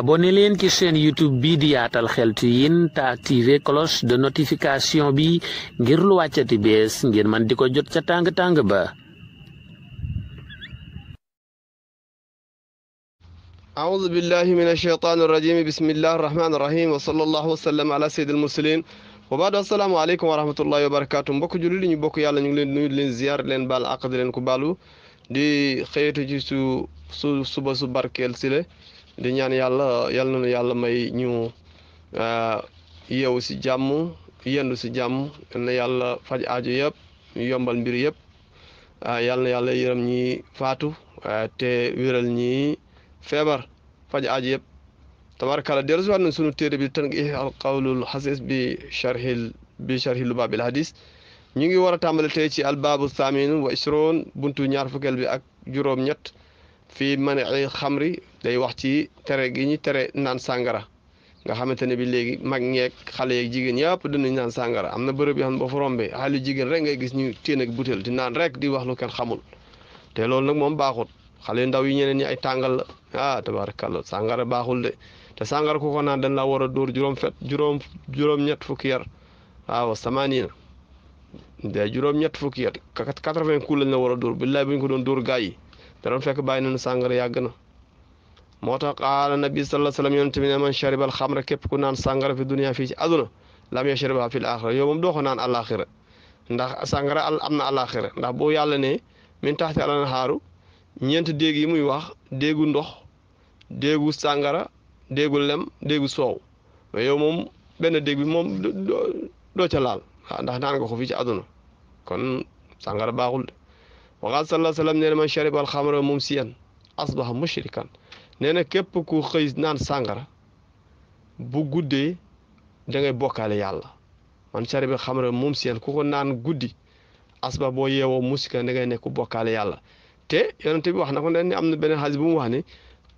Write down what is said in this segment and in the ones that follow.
abonné leen ci chaîne youtube bi di yaatal xeltu yin te activé cloche de notification bi ngir lu wàccati bees ngir man di ko jot ca tàng-tàng ba أعوذ بالله من الشيطان الرجيم بسم الله الرحمن الرحيم وصلى الله وسلم على mbokk julli li ñu bokk yàlla ñu ngi leen nuyu leen ziar leen baal leen ko baalu di xëyatu ci su di ñaan yàlla yal na yàlla may ñu euh, yeewu si jàmm yendu si jàmm na yàlla faj aajo yëpp yombal mbir yëpp euh, yal yàlla yërëm ñi faatu euh, te wéral ñi feebar faj aajo yëpp tabarakàlla dellu si waat nañ sunu téere bi tan gi al qawlul xasis bi charhil bi charhi lubaabil hadis ñu ngi war a tàmbale tey ci albaabu thamin wa ishron buntu ñaar fukkeel bi ak juróom ñett fii mane ay xamri day wax ci tere gi ñu tere naan sàngara nga xamante ne bi léegi mag ñeeg xale yeeg jigéen ñëpp dañuy naan sàngara am na bërëb yoo xam ne boo fa rombee xale jigéen rek ngay gis ñu téen ak butéel di naan rek di wax lu kenn xamul te loolu nag moom baaxut xale yu ndaw yi ñeneen ñi ay tàngal la ah tabarakallah sàngara baaxul de te sàngara ku ko naan dañ la war a dóor juróom fet juróom juróom-ñett fukki yar waaw samaaniina de juróom-ñett fukki yar quatre-vingt coups lañ a dóor billaay bu ñu ko doon dóor gaa yi danoon fekk bàyyi nañu sàngara yàgg na moo tax qaala nabi sallallahu alayhi wasallam yonent bi ne man sharibal xamra képp ku naan sàngara fi dunya fii ci aduna lam yashribha fil axira yow moom doo ko naan alaxira ndax sàngara am na alaxira ndax boo yàlla ne min taxti alan xaaru ñeenti déeg yi muy wax déegu ndox déegu sàngara déegu lem déegu soow mais yow moom benn déeg bi moom doo ca laal ndax naan nga ko fii ci aduna kon sàngara baaxul de waxaat sallallahu alayhi wa sallam nee na man shariba alxamra mumsiyan asbaha mushrikan nee na képp ku xëy naan sàngara bu guddee da ngay bokkaale yàlla man shariba alxamra mumsiyan ku ko naan guddi asbaha boo yeewoo musikan da ngay nekk bokkaale yàlla te yonent bi wax na ko ne am na beneen xaalis bu mu wax ne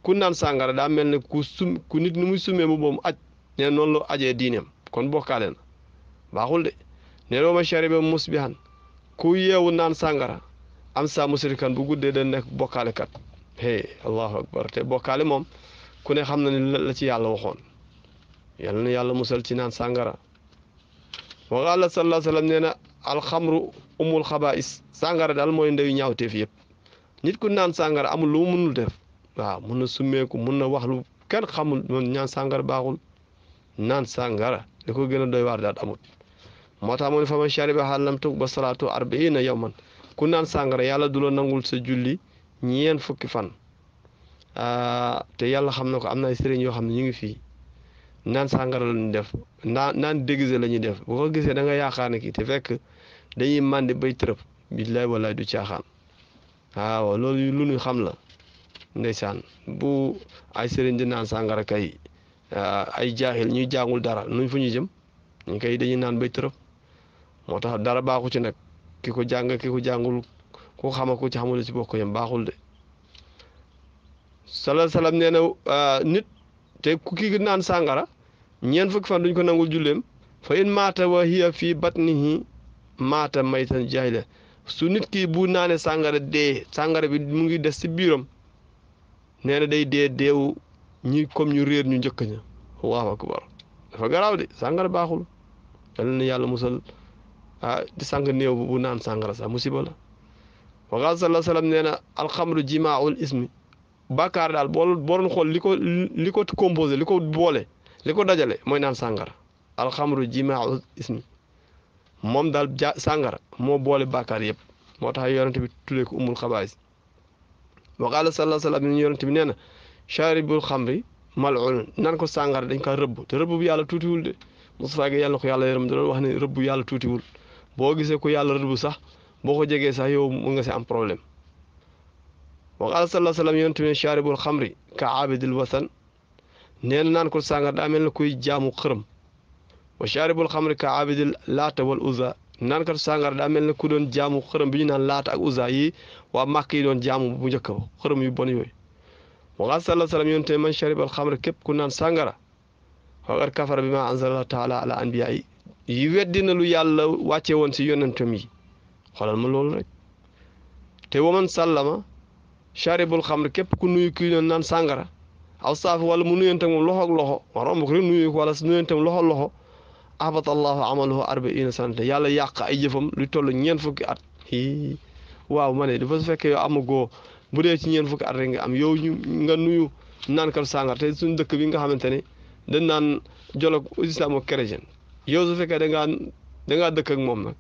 ku naan sàngara daa mel ne ku sum ku nit nu muy sumee mu boobu aj nee noonu la ajee diineem kon bokkaale na baaxul de nee loo ma shariba musbihan ku yeewu naan sàngara am saa musirikan bu guddee da nekk bokkaalekat hey allahu akbar te bokkaale moom ku ne xam na ne la ci yàlla waxoon yal na yàlla musal ci naan sàngara wa qaala sallallahu sallam nee na alxamru umul xabaa'is sàngara daal mooy ndeyu ñaawteef yëpp nit ku naan sàngara amul lu mu mënul def waaw mun na summeeku mun na wax lu kenn xamul noonu sàngara baaxul naan sàngara li ko gën a doy waar daal amul moo tax mu ne fa man sharibahaa lam tug ba salaatu arba'iina ku naan sàngara yàlla du la nangul sa julli ñeent fukki fan ah, te yàlla xam na ko am na ay sëriñ yoo xam ne ñu ngi fii naan sàngara la ñuy def naan naan déguisé la ñuy def boo ko gisee da nga yaakaar ne kii te fekk dañuy màndi bay tërëb billaay walaay du caaxaan ah, waaw loolu lu ñu xam la ndeysaan bu ay sëriñ di naan sàngara kay ah, ay jaaxil ñuy jàngul dara nuñ fu ñu jëm ñu koy dañuy naan bay tërëb moo tax dara baaxu ci nag. ki ko jàng ki ko jàngul ku xama ko ci xamul ci bokk yam baaxul de salal salam nee ah, nit te ku kii naan sàngara ñeent fukki fan duñ ko nangul julleem fa in maata wa hiya fii batnihi maata maytan jahila su nit kii bu naane sàngara dee sàngara bi mu ngi des ci biiram nee na day dee deewu ñi comme ñu réer ñu njëkk ña waaw akbar dafa garaaw de sàngara baaxul yàlla musal ah di sang néew bu naan sàngara sax musiba la waxaal salaa salaam nee na alxamru jimaaul ismi bàkkaar daal boo boo xool li ko li ko composé li ko boole li ko dajale mooy naan sàngara alxamru jimaaul ismi moom daal jaa sàngara moo boole bàkkaar yépp moo tax yonent bi tuddee ko umul xabaais waxaal salaa salaam nee na bi nee na charibul xamri malun nan ko sàngara dañ ko rëbb te rëbb bu yàlla tuutiwul de Mustafaa gi yàlla na ko wax ne rëbb yàlla tuutiwul boo gisee ko yàlla rëbb sax boo ko jegee sax yow mu nga si am problème wa qaala sallallahu alayhi wa sallam yonent shaaribul xamri ka aabidil wasan nee naan ko sàngar daa mel na kuy jaamu xërëm wa shaaribul xamri ka aabidil laata wal uza naan kat sàngar daa mel ne ku doon jaamu xërëm bi ñu naan laata ak uza yi waa màkk yi doon jaamu bu njëkk ba xërëm yu bon yooyu wa qaala sallallahu alayhi man shaaribal xamri képp ku naan sàngara faqad kafara bi ma anzala taala yi weddi na lu yàlla wàcce woon si yonentam yi xoolal ma loolu rek te waman sàllama xam xamr képp ku nuyu kii noonu naan sàngara aw saafi wala mu nuyante moom loxo ak loxo ma romb ko rek nuyu ko wala nuyante moom loxo loxo ahbatallahu amalahu arbaina sanate yàlla yàq ay jëfam lu toll ñeen fukki at i waaw ma ne dafa fekkee yow amagoo bu dee ci ñeen fukki at rek nga am yow ñu nga nuyu naan kat sàngara te suñu dëkk bi nga xamante ni dañ naan jolog islamo chrétien yow su fekkee dangaa ngaa dëkk ak moom nag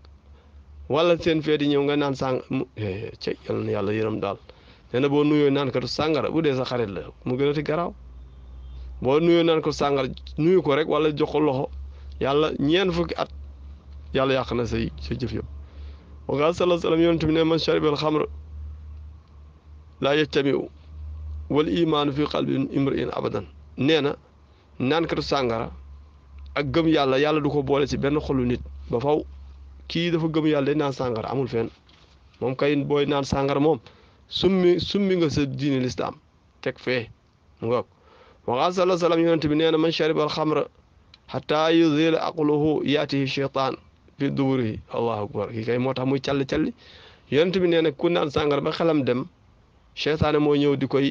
wala seen feeti ñëw nga naan sàng eh, ci yal na yàlla yërëm daal nee na boo nuyoo naan katu sàngara bu dee sa xarit la mu gën a ti garaaw boo nuyoo naan ko sàngara nuyu ko rek wala jox ko loxo yàlla ñeen fukki at yàlla yàq na say sa jëf yow waga sala sallam yonent bi ne man sharibal xamr laa yajtamiu wal imaanu fi qalbi imriin abadan nee na naan katu sàngara ak gëm yàlla yàlla du ko boole si benn xolu nit ba faw kii dafa gëm yàlla day naan sàngara amul fenn moom kay booy naan sàngara moom summi summi nga sa diine lislaam teg fee ngoog waxaa sala salaam yonent bi nee na man shariba alxamra xataa yuzila aqluhu yaatihi cheytaan fi duburihi allahu akbar moo tax muy calli calli bi nee na ku naan sàngara ba xelam dem cheytaane moo ñëw di koy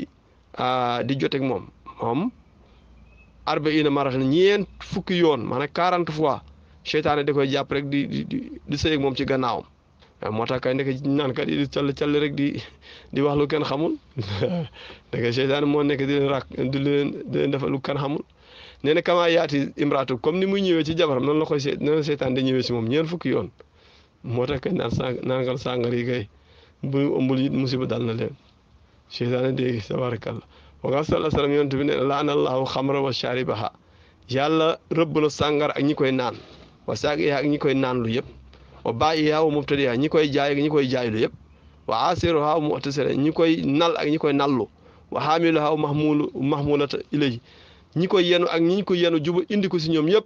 di joteeg moom moom arbaina maratan ñeent fukki yoon maanaam quarante fois seytaane da koy jàpp rek di di di sëy moom ci gannaaw moo tax kay nekk naan kat yi di call call rek di di wax lu kenn xamul nekk seytaane moo nekk di leen di leen di leen defal lu kenn xamul nee na kamaa yaati imraatu comme ni muy ñëwee ci jabaram noonu la koy se noonu ñëwee si moom ñeent fukki yoon moo tax kay naan sang sàngar yi kay bu ëmbul it musiba dal na leen seytaane dégg tabaarkalla wa nga sala salam yonent bi ne laanallaahu xamra wa sharibaha yàlla rëbb na sàngar ak ñi koy naan wa saaqiha ak ñi koy naan lu yëpp wa baayiha wa mubtadiha ñi koy jaay ñi koy jaay lu yëpp wa aasiruha wa mu'tasira ñi koy nal ak ñi koy nallu wa xaamiluha wa mahmulu mahmulata ilay ñi koy yenu ak ñi ko yenu juba indi ko si ñoom yëpp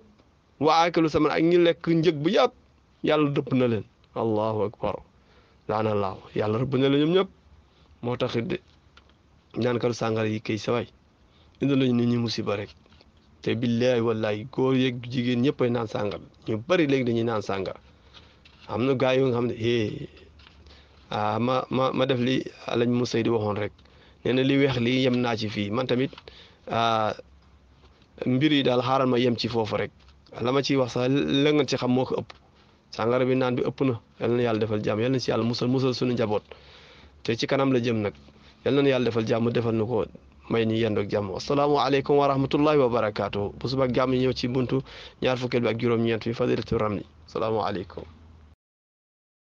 wa aakilu saman ak ñi lekk njëg bu yàpp yàlla dëpp na leen allahu akbar laanallaahu yàlla rëbb na leen ñoom ñëpp moo taxit naan katu sàngara yi kay sawaay indi lañu nit ñi musiba rek te billaay wallaay góor yeeg jigéen ñëpp ay naan sàngar ñu bari léegi dañuy naan sàngar am na gaa yoo nga xam ne eh ah ma ma ma def li alañ Moussa di waxoon rek nee na li weex lii yem naa ci fii man tamit ah, mbir yi daal xaaral ma yem ci foofu rek la ma ciy wax sax la nga ci xam moo ko ëpp sangara bi naan bi ëpp na yal na yàlla defal jàmm yal na si yàlla musal musal suñu njaboot te ci kanam la jëm nag. yal nañu yàlla defal jàmm defal nu ko may ñu yendoog jàmm asalaamaaleykum wa rahmatullahi wa barakaatu bu suba jàmm ñëw ci buntu ñaar fukkeel bi ak juróom-ñeent bi fadilatu ramli asalaamaaleykum